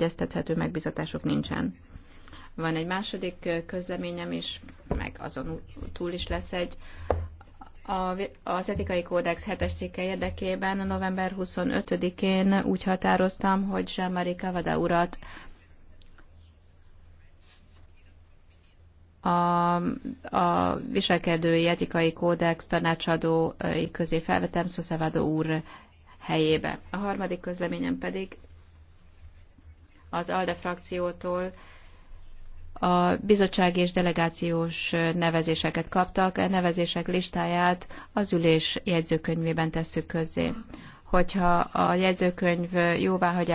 egyeztethető megbizatások nincsen. Van egy második közleményem is, meg azon túl is lesz egy. az etikai kódex hetes cikke érdekében november 25-én úgy határoztam, hogy Jean-Marie Cavada urat a, a viselkedői etikai kódex tanácsadói közé felvetem Szoszevado úr helyébe. A harmadik közleményem pedig az ALDE frakciótól a bizottság és delegációs nevezéseket kaptak. A nevezések listáját az ülés jegyzőkönyvében tesszük közzé. Hogyha a jegyzőkönyv jóváhagyása